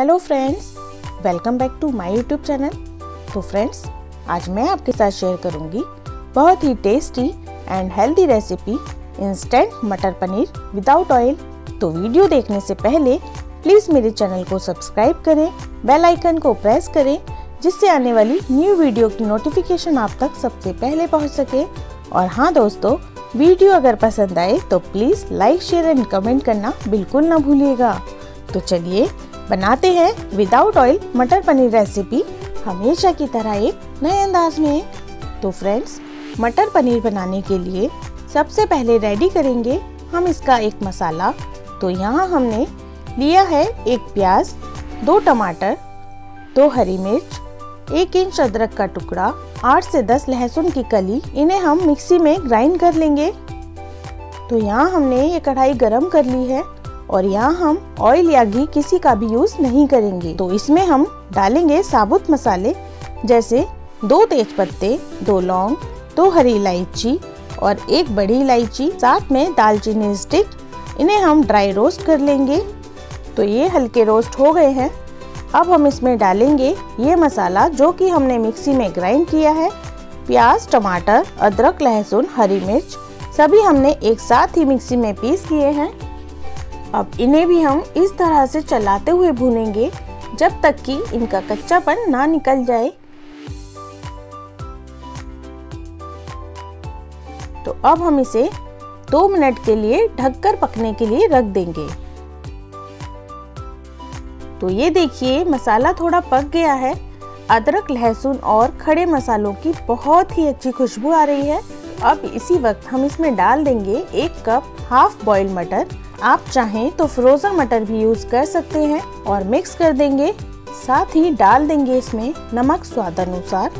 hello friends welcome back to my YouTube channel तो friends आज मैं आपके साथ शेयर करूंगी बहुत ही tasty and healthy recipe instant मटर पनीर विदाउट ऑयल तो वीडियो देखने से पहले प्लीज़ मेरे चैनल को सब्सक्राइब करें बेल आइकन को प्रेस करें जिससे आने वाली न्यू वीडियो की नोटिफिकेशन आप तक सबसे पहले पहुँच सके और हाँ दोस्तों वीडियो अगर पसंद आए तो please like share and comment करना बिल्कुल ना भूलिएगा तो चलिए बनाते हैं विदाउट ऑयल मटर पनीर रेसिपी हमेशा की तरह एक नए अंदाज में तो फ्रेंड्स मटर पनीर बनाने के लिए सबसे पहले रेडी करेंगे हम इसका एक मसाला तो यहाँ हमने लिया है एक प्याज दो टमाटर दो हरी मिर्च एक इंच अदरक का टुकड़ा आठ से दस लहसुन की कली इन्हें हम मिक्सी में ग्राइंड कर लेंगे तो यहाँ हमने ये कढ़ाई गरम कर ली है और यहाँ हम ऑयल या घी किसी का भी यूज नहीं करेंगे तो इसमें हम डालेंगे साबुत मसाले जैसे दो तेज पत्ते दो लौंग दो हरी इलायची और एक बड़ी इलायची साथ में दालचीनी स्टिक इन्हें हम ड्राई रोस्ट कर लेंगे तो ये हल्के रोस्ट हो गए हैं अब हम इसमें डालेंगे ये मसाला जो कि हमने मिक्सी में ग्राइंड किया है प्याज टमाटर अदरक लहसुन हरी मिर्च सभी हमने एक साथ ही मिक्सी में पीस किए हैं अब इन्हें भी हम इस तरह से चलाते हुए भूनेंगे जब तक कि इनका कच्चापन ना निकल जाए तो अब हम इसे दो मिनट के लिए ढककर पकने के लिए रख देंगे तो ये देखिए मसाला थोड़ा पक गया है अदरक लहसुन और खड़े मसालों की बहुत ही अच्छी खुशबू आ रही है अब इसी वक्त हम इसमें डाल देंगे एक कप हाफ बॉयल मटर आप चाहें तो फ्रोज़न मटर भी यूज़ कर सकते हैं और मिक्स कर देंगे साथ ही डाल देंगे इसमें नमक स्वाद अनुसार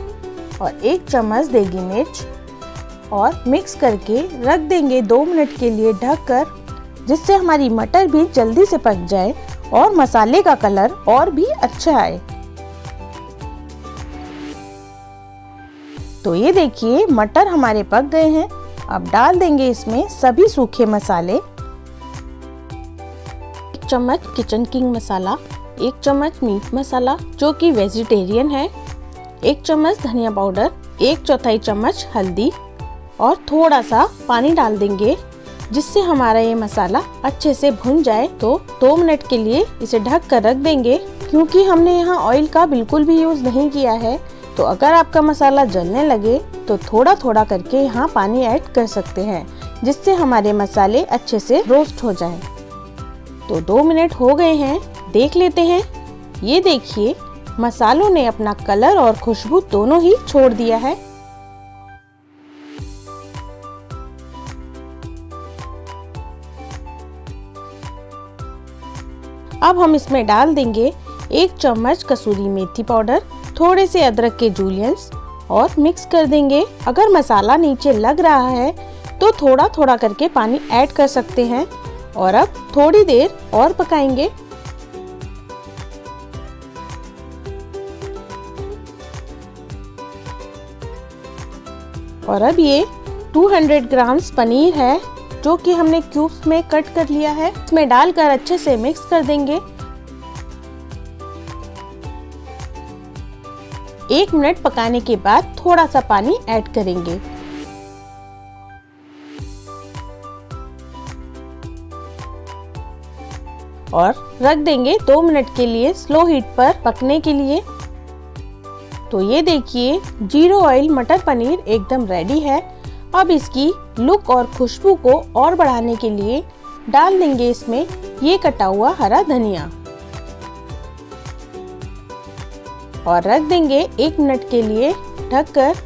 और एक चम्मच देगी मिर्च और मिक्स करके रख देंगे दो मिनट के लिए ढककर जिससे हमारी मटर भी जल्दी से पक जाए और मसाले का कलर और भी अच्छा आए तो ये देखिए मटर हमारे पक गए हैं अब डाल देंगे इसमें सभी सूखे मसाले एक चम्मच किचन किंग मसाला एक चम्मच मीट मसाला जो कि वेजिटेरियन है एक चम्मच धनिया पाउडर एक चौथाई चम्मच हल्दी और थोड़ा सा पानी डाल देंगे जिससे हमारा ये मसाला अच्छे से भुन जाए तो दो मिनट के लिए इसे ढक कर रख देंगे क्योंकि हमने यहाँ ऑयल का बिल्कुल भी यूज़ नहीं किया है तो अगर आपका मसाला जलने लगे तो थोड़ा थोड़ा करके यहाँ पानी ऐड कर सकते हैं जिससे हमारे मसाले अच्छे से रोस्ट हो जाए तो दो मिनट हो गए हैं देख लेते हैं ये देखिए मसालों ने अपना कलर और खुशबू दोनों ही छोड़ दिया है अब हम इसमें डाल देंगे एक चम्मच कसूरी मेथी पाउडर थोड़े से अदरक के जूलियंस और मिक्स कर देंगे अगर मसाला नीचे लग रहा है तो थोड़ा थोड़ा करके पानी ऐड कर सकते हैं और अब थोड़ी देर और पकाएंगे और अब ये 200 ग्राम्स पनीर है जो कि हमने क्यूब्स में कट कर लिया है इसमें डालकर अच्छे से मिक्स कर देंगे एक मिनट पकाने के बाद थोड़ा सा पानी ऐड करेंगे और रख देंगे दो मिनट के लिए स्लो हीट पर पकने के लिए तो ये देखिए जीरो ऑयल मटर पनीर एकदम रेडी है अब इसकी लुक और खुशबू को और बढ़ाने के लिए डाल देंगे इसमें ये कटा हुआ हरा धनिया और रख देंगे एक मिनट के लिए ढककर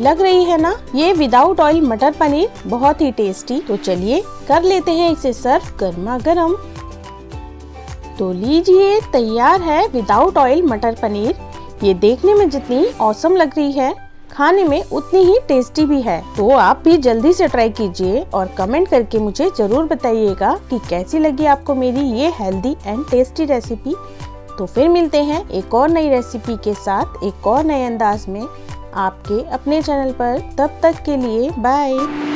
लग रही है ना ये विदाउट ऑयल मटर पनीर बहुत ही टेस्टी तो चलिए कर लेते हैं इसे सर्व गर्मा गर्म तो लीजिए तैयार है विदाउट ऑयल मटर पनीर ये देखने में जितनी औसम लग रही है खाने में उतनी ही टेस्टी भी है तो आप भी जल्दी से ट्राई कीजिए और कमेंट करके मुझे जरूर बताइएगा कि कैसी लगी आपको मेरी ये हेल्दी एंड टेस्टी रेसिपी तो फिर मिलते हैं एक और नई रेसिपी के साथ एक और नए अंदाज में आपके अपने चैनल पर तब तक के लिए बाय